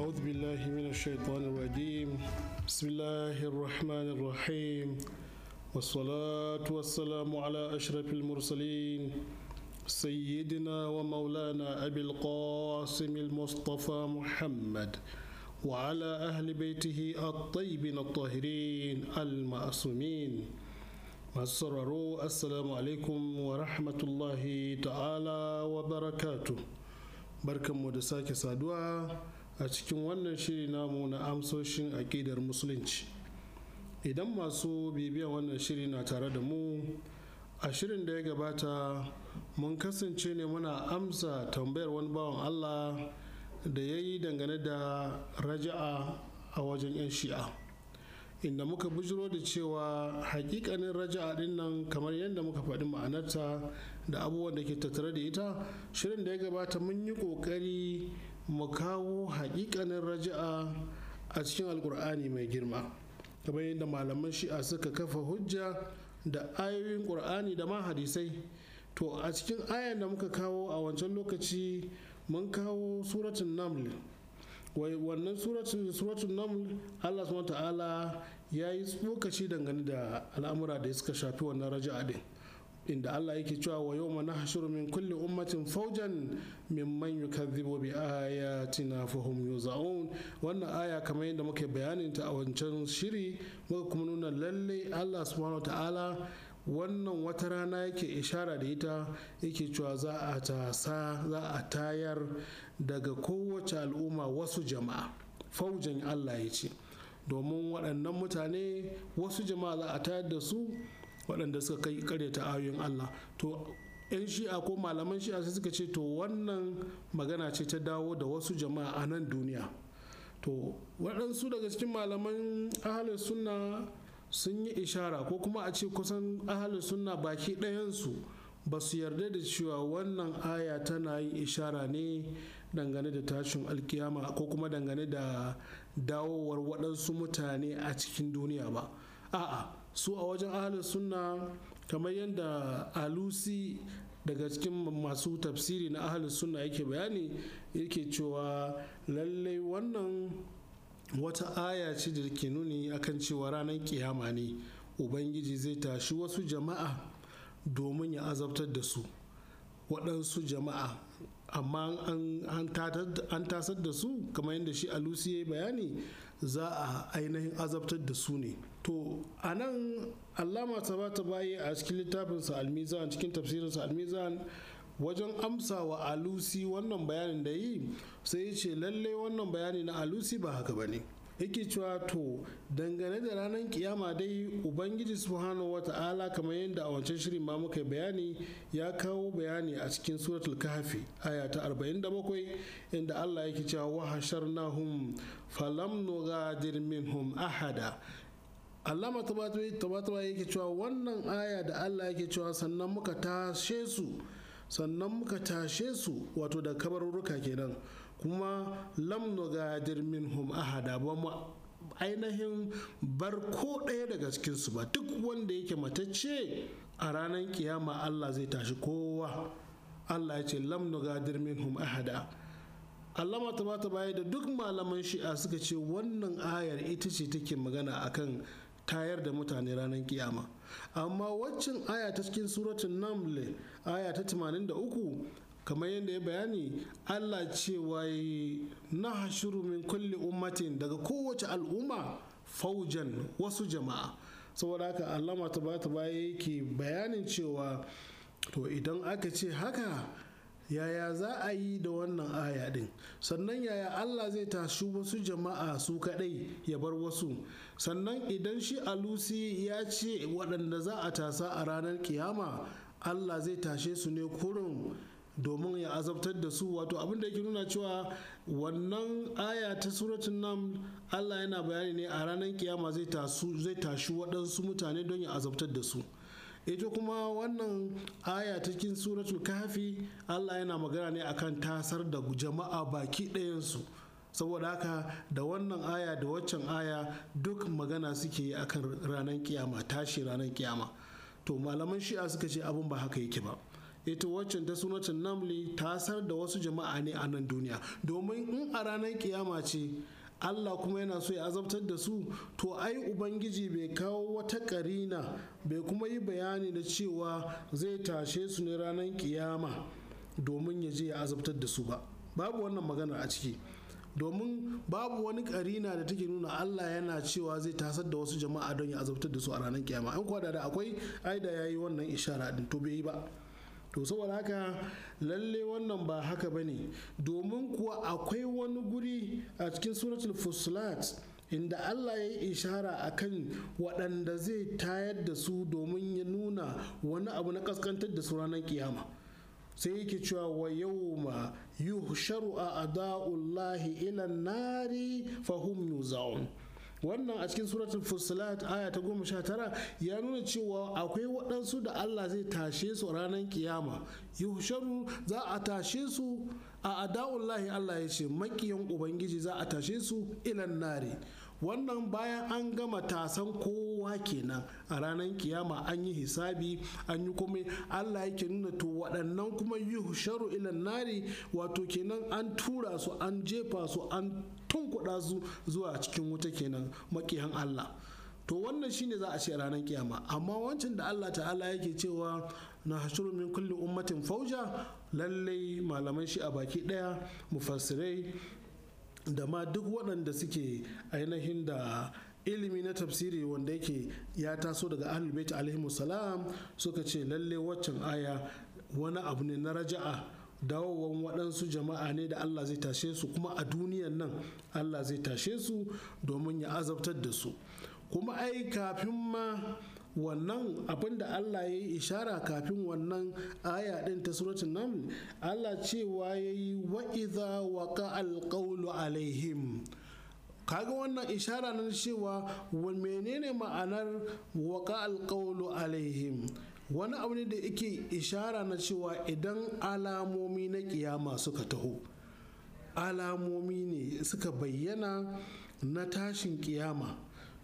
أعوذ بالله من الشيطان الرجيم بسم الله الرحمن الرحيم والصلاة والسلام على أشرف المرسلين سيدنا ومولانا أبي القاسم المصطفى محمد وعلى أهل بيته الطيبين الطاهرين المعصومين مسرروا السلام عليكم ورحمة الله تعالى وبركاته بركة مدساك سادوا أتكن وانا شيري نامو نأمسوشين أكيد المسلمين idan masu bibiyan wannan shiri na tare da mu a shirin da ya gabata mun kasance ne muna amsa tambayar wani bawan allah da ya yi dangane da raja'a a wajen 'yan shi'a inda muka bujiro da cewa hakikanin raja'a din nan kamar yadda muka faɗi ma'anarta da abubuwan da ke tattare da ita shirin da ya gabata mun yi ƙoƙari mu kawo hakikanin raja'a a cikin alkur'ani mai girma kamar yadda malaman shi'a suka kafa hujja da ayoyin ƙur'ani da ma hadisai to a cikin ayan da muka kawo a wancan lokaci mun kawo suratun naml wannan suratun naml allah subhanahu ta'ala ya yi tsokaci dangane da al'amura da ya suka shafi wannan raja'a din inda Allah yake cewa wa mana hashuru min kulli ummatin faujan man yukadhibu bi ayatina fahum yuzaun wannan aya kamar yadda muke bayanin ta a wancan shiri muka kuma nuna lalle Allah subhanahu ta'ala wannan wata rana yake ishara da ita yake cewa za a tasa za a tayar daga kowace al'umma wasu jama'a faujan Allah ya ce domin waɗannan mutane wasu jama'a za a tayar da su waɗanda suka kai karyata ayoyin Allah to 'yan shi'a ko malaman shi'a sai suka ce to wannan magana ce ta dawo da wasu jama'a a nan duniya to waɗansu daga cikin malaman ahalar sunna sun yi ishara ko kuma a ce kusan ahalar sunna baki ɗayansu ba su yarda da cewa wannan aya tana yi ishara ne dangane da tashin alkiyama ko kuma dangane da dawowar waɗansu mutane a cikin duniya ba a'a su a wajen ahalin sunna kamar yadda alusi daga cikin masu tafsiri na ahalin sunna yake bayani yake cewa lallai wannan wata aya ce da ke nuni akan cewa ranar kiyama ne ubangiji zai tashi wasu jama'a domin ya azabtar da su waɗansu jama'a amma an tasar da su kamar yadda shi alusi ya yi bayani za a ainihin azabtar da su ne to a nan allama ta ba ta baye a cikin littafinsa almizan cikin tafsirinsa almizan wajen amsa wa alusi wannan bayanin da yi sai ya ce lallai wannan bayani na alusi ba haka ba ne yake cewa to dangane da ranar kiyama dai ubangiji subhanahu ta'ala kamar yadda a wancan shirin ma muka bayani ya kawo bayani a cikin suratul kahfi aya ta 47 inda Allah yake cewa wa hasharnahum falam nugadir minhum ahada allama tabatawa yake cewa wannan aya da allah yake cewa sannan muka tashe su sannan muka tashe su wato da kabarurruka kenan kuma lam nugadir minhum ahada ba mu ainihin bar ko ɗaya daga cikinsu ba duk wanda yake matacce a ranar kiyama allah zai tashi kowa allah ya ce lam nugadir minhum ahada allama tabata baya da duk malaman shi'a suka ce wannan ayar ita ce take magana akan tayar da mutane ranar kiyama amma waccan aya ta cikin suratun naml aya ta 83 kamar yadda ya bayani allah cewa na hashuru min kulli ummatin daga kowace al'umma faujan wasu jama'a saboda haka allama ta baya yake bayanin cewa to idan aka ce haka yaya za a yi da wannan aya din sannan yaya Allah zai tashi wasu jama'a su kadai ya bar wasu sannan idan shi alusi ya ce waɗanda za a tasa a ranar kiyama Allah zai tashe su ne kurun domin ya azabtar da su wato abin da yake nuna cewa wannan aya ta suratun nan Allah yana bayani ne a ranar kiyama zai tashi waɗansu mutane don ya azabtar da su. ita kuma wannan aya ta cikin suratul kafi allah yana magana ne akan tasar da jama'a baki ɗayansu saboda haka da wannan aya da waccan aya duk magana suke yi akan ranar kiyama tashi ranar kiyama to malaman shi'a suka ce abin ba haka yake ba ita waccan ta sunatun namli tasar da wasu jama'a ne a nan duniya domin in a ranar kiyama ce Allah kuma yana so ya azabtar da su to ai ubangiji bai kawo wata karina bai kuma yi bayani da cewa zai tashe su ne ranar kiyama domin ya je ya azabtar da su ba babu wannan maganar a ciki domin babu wani ƙarina da take nuna Allah yana cewa zai tasar da wasu jama'a don ya azabtar da su a ranar kiyama an kwada da akwai aida da yayi wannan ishara din to bai yi ba to saboda haka lalle wannan ba haka ba ne domin kuwa akwai wani guri a cikin suratul fusilat inda Allah ya yi ishara a kan waɗanda zai tayar da su domin ya nuna wani abu na ƙasƙantar da su ranar ƙiyama, sai yake cewa wa yau ma yuhsharu a ina ilan nari fahimu yuzaun wannan a cikin suratul fusilat aya ta goma sha tara ya nuna cewa akwai waɗansu da Allah zai tashe su ranar kiyama yuhsharu za a tashe su a lahi Allah ya ce makiyan ubangiji za a tashe su ilan nari wannan bayan an gama tasan kowa kenan a ranar kiyama an yi hisabi an yi kuma allah yake nuna to waɗannan kuma yi sharu ilan nari wato kenan an tura su an jefa su an tun kuɗa zuwa cikin wuta kenan makiyan Allah to wannan shine za a ce ranar kiyama amma wancan da Allah ta'ala yake cewa na hashuru min kulli ummatin fauja lallai malaman shi a baki daya mufassirai da ma duk waɗanda suke ainihin da ilimi na tafsiri wanda yake ya taso daga ahlul bait alaihimus salam suka ce lalle waccan aya wani abu ne na raja'a dawowan waɗansu jama'a ne da Allah zai tashe su kuma a duniyan nan Allah zai tashe su domin ya azabtar da su kuma ai kafin ma wannan abin da Allah ya yi ishara kafin wannan aya ɗin ta suratun nan Allah cewa ya yi wa'iza ka alƙaulu alaihim kaga wannan ishara nan cewa menene ma'anar waƙa alƙaulu alaihim wani abu ne da yake ishara na cewa idan alamomi na kiyama suka taho alamomi ne suka bayyana na tashin kiyama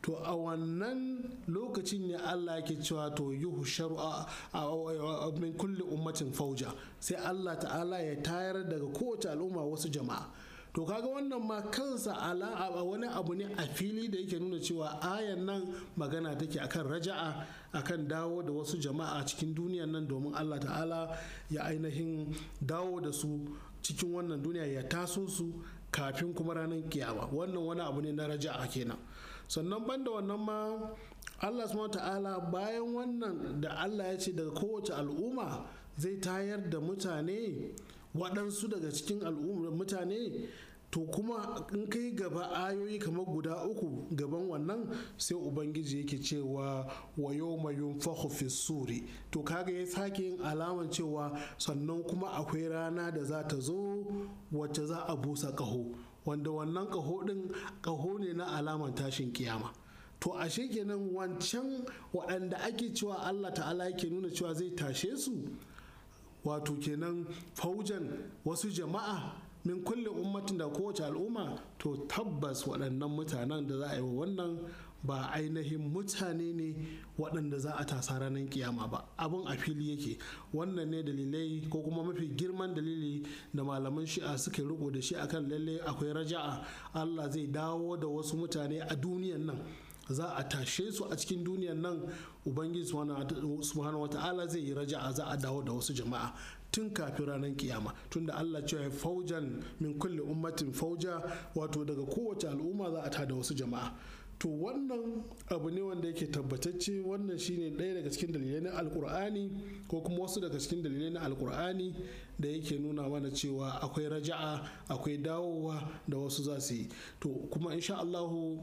to a wannan lokacin ne Allah yake cewa to yuhu shar'a min kulli ummatin fauja sai Allah ta'ala ya tayar daga kowace al'umma wasu jama'a to kaga wannan ma kansa ala a wani abu ne a fili da yake nuna cewa ayan nan magana take akan raja'a akan dawo da wasu jama'a cikin duniyan nan domin Allah ta'ala ya ainihin dawo da su cikin wannan duniya ya taso su kafin kuma ranar kiyama wannan wani abu ne na raja'a kenan sannan banda wannan ma Allah subhanahu ta'ala bayan wannan da Allah ya ce daga kowace al'umma zai tayar da mutane waɗansu daga cikin al'ummar mutane to kuma in kai gaba ayoyi kamar guda uku gaban wannan sai ubangiji yake cewa wa yau yunfakhu fi suri to kaga ya sake yin alaman cewa sannan kuma akwai rana da za ta zo wacce za a busa ƙaho wanda wannan ƙaho ɗin ƙaho ne na alaman tashin kiyama to ashe kenan wancan waɗanda ake cewa Allah ta'ala yake nuna cewa zai tashe su wato kenan faujan wasu jama'a min kulle ummatin da kowace al'umma to tabbas waɗannan mutanen da za a yi wa wannan ba ainihin mutane ne waɗanda za a tasa ranar kiyama ba abin a fili yake wannan ne dalilai ko kuma mafi girman dalili da malaman shi'a suke riko da shi akan lalle akwai raja'a allah zai dawo da wasu mutane a duniyan nan za a tashe su a cikin duniyan nan ubangiji subhanahu wata'ala zai yi raja'a za a dawo da wasu jama'a tun kafin ranar kiyama tunda Allah cewa faujan min kulle ummatin fauja wato daga kowace al'umma za a da wasu jama'a to wannan abu ne wanda yake tabbatacce wannan shine ɗaya daga cikin dalilai na alkur'ani ko kuma wasu daga cikin dalilai na alkur'ani da yake nuna mana cewa akwai raja'a akwai dawowa da wasu za su yi to kuma insha Allahu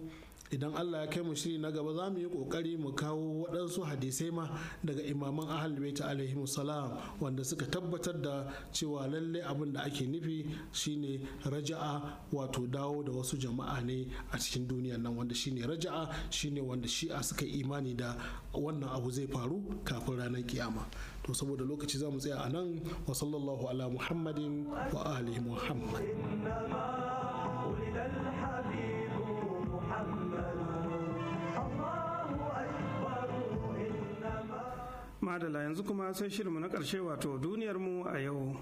idan Allah ya kai mu shiri na gaba za mu yi kokari mu kawo waɗansu hadisai ma daga imaman ahal baita alaihi salam wanda suka tabbatar da cewa lalle abin da ake nufi shine raja'a wato dawo da wasu jama'a ne a cikin duniyar nan wanda shine raja'a shine wanda shi'a suka imani da wannan abu zai faru kafin ranar kiyama to saboda lokaci za mu tsaya a nan wa sallallahu ala muhammadin wa alihi muhammad madala yanzu kuma sai shirinmu na ƙarshe wato duniyarmu a yau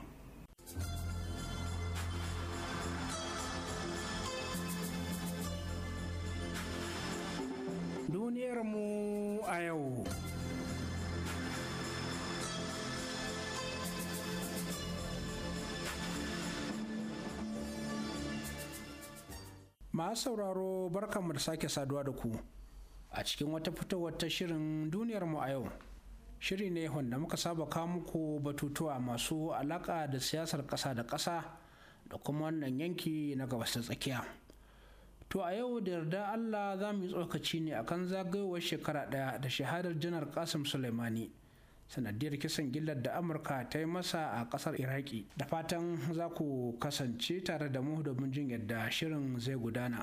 duniyarmu a yau masu sauraro barkanmu da sake saduwa da ku a cikin wata fitowar ta shirin duniyarmu a yau shiri ne wanda muka saba kawo muku batutuwa masu alaka da siyasar ƙasa da ƙasa da kuma wannan yanki na gabas ta tsakiya to a yau da yarda allah za mu yi tsokaci ne a kan zagayowar shekara ɗaya da shahadar janar kasim suleimani sanadiyar kisan gillar da amurka ta yi masa a ƙasar iraki da fatan za ku kasance tare da mu domin jin yadda shirin zai gudana.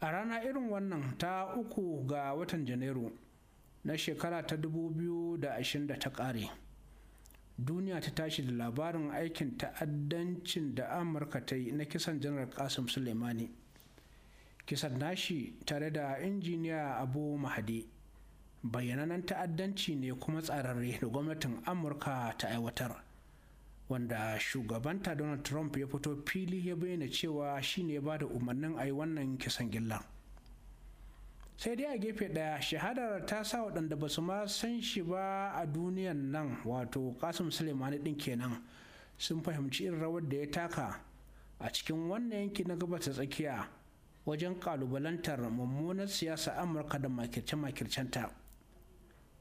a rana irin wannan ta uku ga watan janairu na shekara ta dubu biyu da ashirin da ta ƙare duniya ta tashi da labarin aikin ta'addancin da amurka ta yi na kisan janar kasim suleimani kisan nashi tare da injiniya abu mahadi bayyananan ta'addanci ne kuma tsararre da gwamnatin amurka ta aiwatar wanda shugabanta donald trump ya fito fili ya bayyana cewa shine ya bada umarnin a yi wannan kisan gillan sai dai a gefe daya shahadar ta sa waɗanda ba su ma san shi ba a duniyan nan wato kasim sulemani ɗin kenan sun fahimci irin rawar da ya taka a cikin wannan yanki na gabas ta tsakiya wajen kalubalantar mummunar siyasa amurka da makirce-makircenta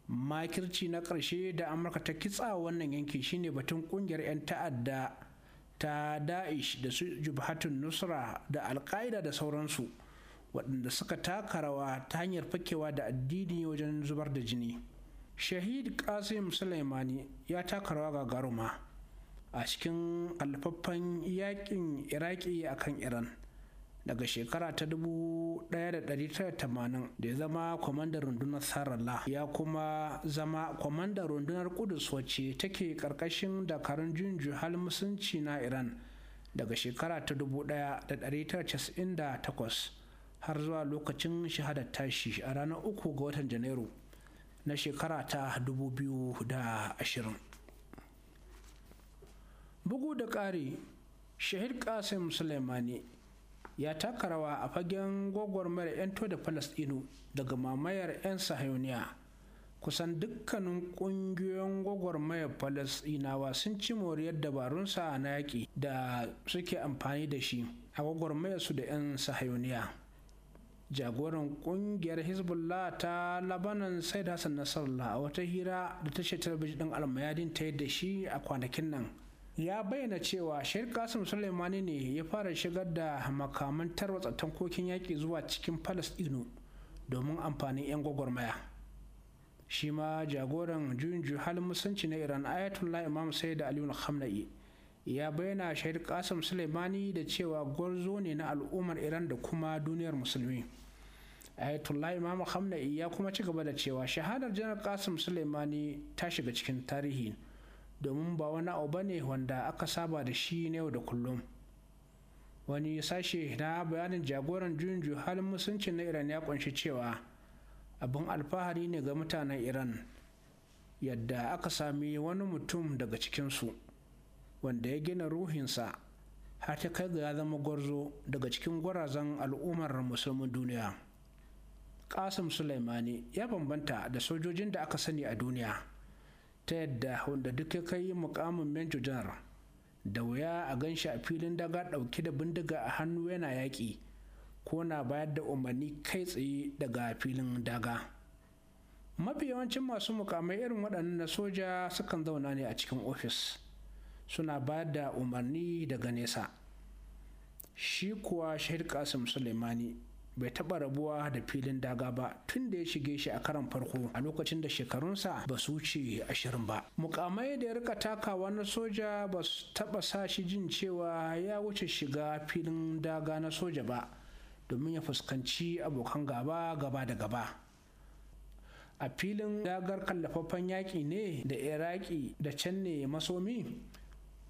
makirci na ƙarshe da amurka ta kitsa wannan yanki shine batun ƙungiyar 'yan ta'adda ta da'ish da su jubhatun nusra da alƙa'ida da sauransu waɗanda suka taka rawa ta hanyar fakewa da addini wajen zubar da jini shahid kasim sulaimani ya taka rawa gagaruma a cikin alfaffan yakin iraki akan iran daga shekara ta 1980 da ya zama kwamandan rundunar sarala ya kuma zama kwamandan rundunar kudus wacce take karkashin dakarun junju hal musulunci na iran daga shekara ta 1998 har zuwa lokacin shahadar tashi a ranar uku ga watan janairu na shekara ta 2020 bugu da ƙari shahid kasim suleimani ya taka rawa a fagen gwagwarmayar 'yanto da Falasɗinu daga mamayar 'yan sahayoniya kusan dukkanin ƙungiyoyin gwagwarmayar Falasɗinawa sun ci moriyar dabarunsa na yaƙi da suke amfani da shi a gwagwarmayar su da 'yan sahayoniya jagoran ƙungiyar hezbollah ta labanan said hassan nasarallah a wata hira da tashar talabijin din almayadin ta da shi a kwanakin nan ya bayyana cewa shahid kasim suleimani ne ya fara shigar da makaman tarwatsa tankokin yaƙi zuwa cikin palestino domin amfanin 'yan gwagwarmaya shi ma jagoran juyin halin musanci na iran ayatollah imam sai da aliyu hamna'i ya bayyana shahid kasim suleimani da cewa gwarzo ne na al'ummar iran da kuma duniyar musulmi ayatollah imam hamna'i ya kuma ci gaba da cewa shahadar janar kasim suleimani ta shiga cikin tarihi domin ba wani abu ba ne wanda aka saba da shi na yau da kullum wani sashe na bayanin jagoran juyin halin musulunci na iran ya kunshi cewa abin alfahari ne ga mutanen iran yadda aka sami wani mutum daga cikinsu wanda ya gina ruhinsa har ta kai ga ya zama gwarzo daga cikin gwarazan al'ummar musulmin duniya kasim suleimani ya bambanta da sojojin da aka sani a duniya ta yadda wanda duk ya kai mukamin major general da wuya a ganshi a filin daga ɗauki da bindiga a hannu yana yaƙi ko na bayar da umarni kai tsaye daga filin daga mafi yawancin masu mukamai irin waɗannan na soja sukan zauna ne a cikin ofis suna bayar da umarni daga nesa shi kuwa shahid kasim suleimani bai taɓa rabuwa da filin daga ba tun da ya shige shi a karan farko a lokacin da shekarunsa ba su wuce ashirin ba mukamai da ya rika takawa na soja ba su taɓa sa shi jin cewa ya wuce shiga filin daga na soja ba domin ya fuskanci abokan gaba gaba da gaba a filin dagar kallafaffen yaƙi ne da iraki da can ne masomi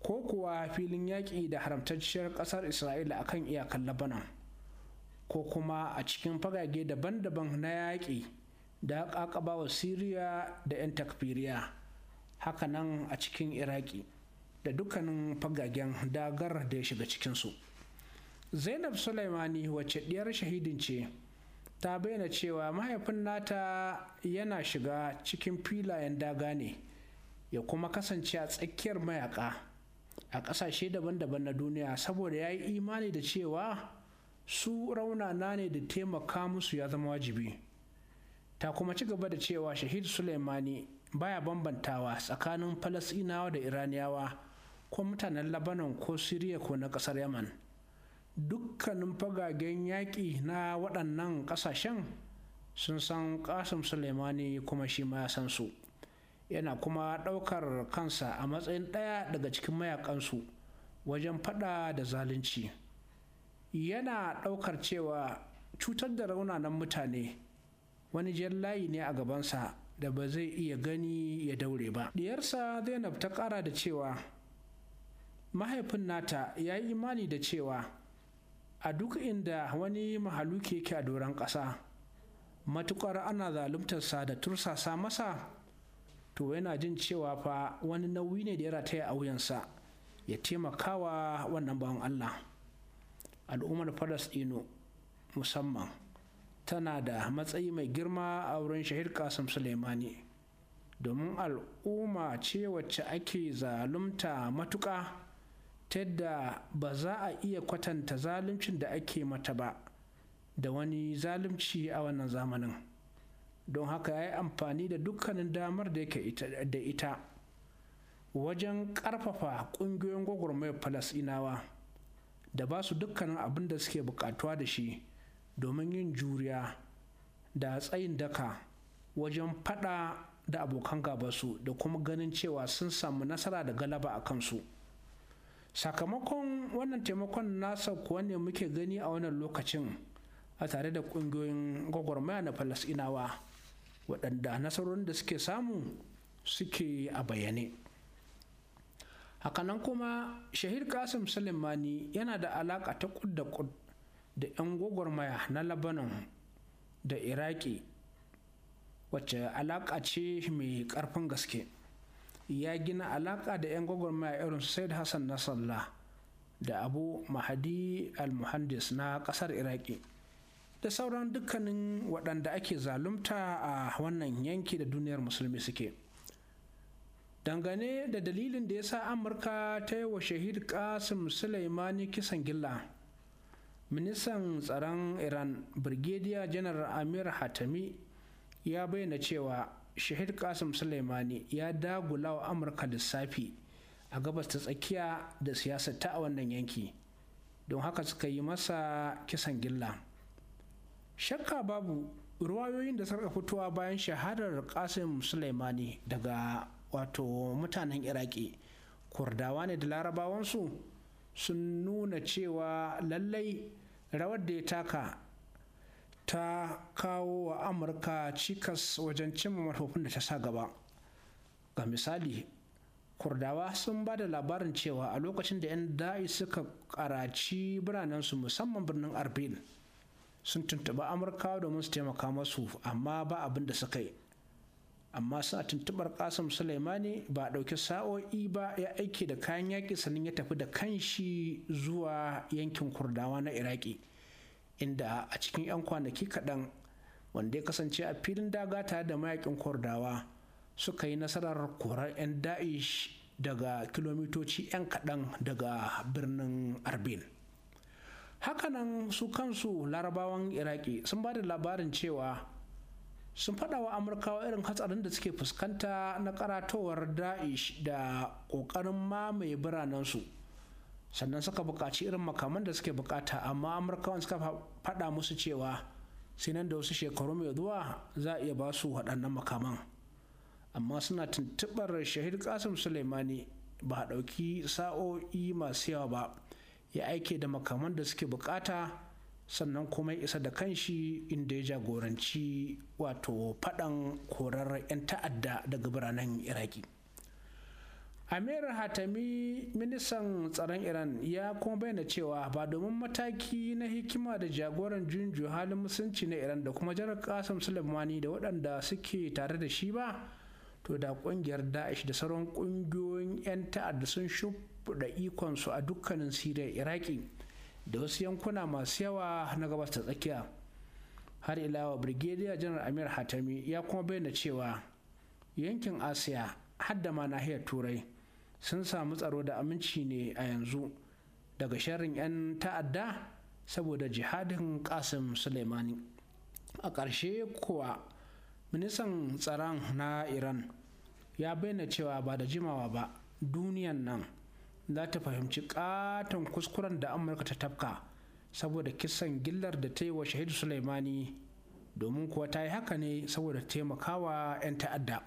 ko kuwa filin yaƙi da haramtacciyar ƙasar isra'ila akan iyakar labanan ko kuma a cikin fagage daban-daban na yaƙi da ƙaƙaba wa siriya da 'yan takfiriya haka nan a cikin iraki da dukkanin fagagen dagar da ya shiga cikinsu zainab sulaimani wacce ɗiyar shahidin ce ta bayyana cewa mahaifin nata yana shiga cikin filayen daga ne ya kuma kasance a tsakiyar mayaka a ƙasashe daban-daban na duniya saboda ya yi imani da cewa su Rauna na ne da taimaka musu ya zama wajibi ta kuma ci gaba da cewa shahid suleimani baya bambantawa tsakanin falasinawa da iraniyawa ko mutanen labanan ko siriya ko na kasar yaman dukkanin fagagen yaƙi na waɗannan ƙasashen sun san kasim suleimani kuma shi ma ya san su yana kuma ɗaukar kansa a matsayin ɗaya daga cikin mayakansu wajen faɗa da zalunci. yana ɗaukar cewa cutar da raunanan mutane wani jan layi ne a gabansa da ba zai iya gani ya daure ba diyarsa zainab ta ƙara da cewa mahaifin nata ya yi imani da cewa a duk inda wani mahaluki yake a doron ƙasa matuƙar ana zaluntarsa da tursasa masa to yana jin cewa fa wani nauyi ne da ya rataya a wuyansa ya taimakawa wannan bawan Allah. al'ummar falasɗinu musamman tana da matsayi mai girma a wurin shahid kasim suleimani domin al'umma ce wacce ake zalumta matuƙa ta yadda ba za a iya kwatanta zaluncin da ake mata ba da wani zalunci a wannan zamanin don haka ya yi amfani da dukkanin damar da yake da ita wajen ƙarfafa ƙungiyoyin gwagwarmayar falasinawa da ba su dukkanin abin da suke bukatuwa da shi domin yin juriya da tsayin daka wajen fada da abokan gabasu da kuma ganin cewa sun samu nasara da galaba a kansu sakamakon wannan taimakon nasa kuwa ne muke gani a wannan lokacin a tare da ƙungiyoyin gwagwarmaya na falasinawa waɗanda nasarorin da suke samu suke a bayyane. hakanan kuma shahid kasim sulemani yana da alaka ta kud da kud da 'yan gwagwarmaya na labanon da iraki wacce alaka ce mai karfin gaske ya gina alaka da 'yan gwagwarmaya irin said hassan nasallah da abu mahadi al-muhandis na kasar iraki da sauran dukkanin waɗanda ake zalunta a wannan yanki da duniyar musulmi suke. dangane da dalilin da ya sa amurka ta yi wa shahid kasim suleimani kisan gilla ministan tsaron iran brigadier janar amir hatami ya bayyana cewa shahid kasim suleimani ya dagula wa amurka lissafi a gabas ta tsakiya da siyasar ta a wannan yanki don haka suka yi masa kisan gilla shakka babu ruwayoyin da sarka fitowa bayan shaharar kasim suleimani daga wato mutanen iraki kurdawa ne da larabawansu sun nuna cewa lallai rawar da ya taka ta kawo wa amurka cikas wajen cimma manufofin da ta sa gaba ga misali kurdawa sun ba da labarin cewa a lokacin da 'yan da'i suka karaci biranensu musamman birnin arbil sun tuntuɓi amurka domin su taimaka masu amma ba abin da suka yi amma a tuntubar kasim suleimani ba a ɗauki sa'o'i ba ya aiki da kayan yaƙi sannan ya tafi da kanshi zuwa yankin kurdawa na iraki inda a cikin 'yan kwanaki kaɗan wanda ya kasance a filin daga tare da mayakin kurdawa suka yi nasarar korar 'yan da'ish daga kilomitoci 'yan kaɗan daga birnin arbin hakanan su kansu larabawan iraki sun ba da labarin cewa sun faɗawa amurkawa irin hatsarin da suke fuskanta na karatowar da'ish da ƙoƙarin mamaye biranensu sannan suka buƙaci irin makaman da suke buƙata amma amurkawan suka faɗa musu cewa sai nan da wasu shekaru mai zuwa za a iya ba su waɗannan makaman amma suna tuntuɓar shahid kasim suleimani ba a ɗauki sa'o'i masu yawa ba ya aike da makaman da suke buƙata sannan kuma ya isa da kanshi inda ya jagoranci wato faɗan korar 'yan ta'adda daga biranen iraki amir hatami ministan tsaron iran ya kuma bayyana cewa ba domin mataki na hikima da jagoran junju halin musulunci na iran da kuma jarar kasar sulemani da waɗanda suke tare da shi ba to da ƙungiyar daesh da sauran ƙungiyoyin 'yan ta'adda sun shuɗa ikonsu a dukkanin siriya iraki da wasu yankuna masu yawa na gabas ta tsakiya har ilawa brigadier janar amir hatami ya kuma bayyana cewa yankin asiya Haddama ma nahiyar turai sun samu tsaro da aminci ne a yanzu daga sharrin 'yan ta'adda saboda jihadin kasim suleimani a ƙarshe kuwa ministan tsaron na iran ya bayyana cewa ba da jimawa ba duniyan nan za ta fahimci katon kuskuren da amurka ta tafka saboda kisan gillar da ta yi wa shahidu sulaimani domin kuwa ta yi haka ne saboda taimakawa 'yan ta'adda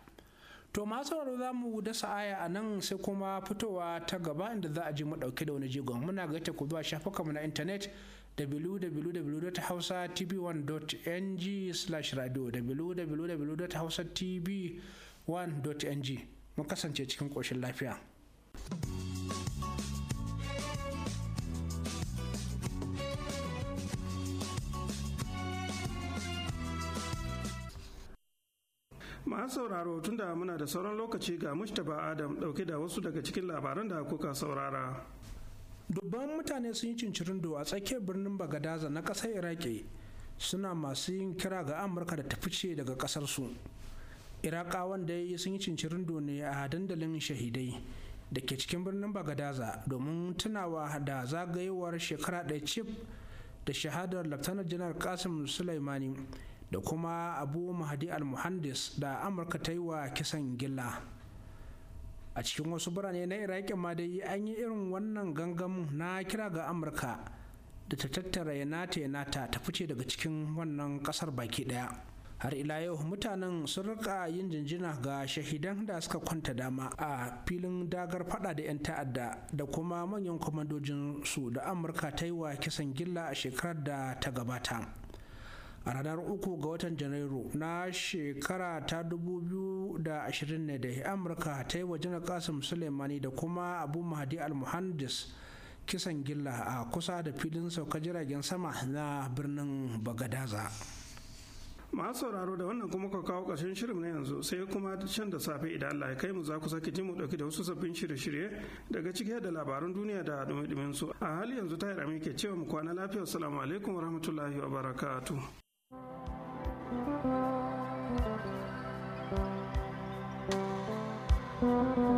to masu za mu dasa aya a nan sai kuma fitowa ta gaba inda za a ji mu dauke da wani jigon muna gaita ku zuwa mu na intanet www.hausatv1.ng slash radio www.hausatv1.ng mu kasance cikin koshin lafiya. masu sauraro tunda muna da sauran lokaci ga mustapha adam dauke da wasu daga cikin labaran da kuka saurara dubban mutane sun yi cincirindo a tsakiyar birnin bagadaza na ƙasar iraki suna masu yin kira ga amurka da ta fice daga ƙasarsu irakawan da sun yi cincirindo ne a dandalin shahidai da ke cikin birnin bagadaza domin tunawa da zagayewar shekara ɗaya cif da shahadar laftanar janar kasim sulaimani da kuma abu mahdi al-muhandis da amurka ta yi wa kisan gilla a cikin wasu birane na iraki ma dai an yi irin wannan gangamin na kira ga amurka da ta tattara ya nata ya nata ta fice daga cikin wannan kasar baki daya har ila yau mutanen sun rika yin jinjina ga shahidan da suka kwanta dama a filin dagar fada da 'yan ta'adda da kuma manyan kwamandojin su da amurka ta yi wa kisan gilla a shekarar da ta gabata a ranar uku ga watan janairu na shekara ta 2020 ne da amurka ta yi wa janar kasim suleimani da kuma abu mahadi al-muhandis kisan gilla a kusa da filin sauka jiragen sama na birnin bagadaza masu sauraro da wannan kuma ka kawo ƙarshen shirin na yanzu sai kuma can da safe idan Allah ya kai mu za ku sake ji mu ɗauki da wasu sabbin shirye-shirye daga ciki da labaran duniya da dumi-dumin su a hali yanzu ta yi ke cewa mu kwana lafiya assalamu alaikum wa barakatu. thank you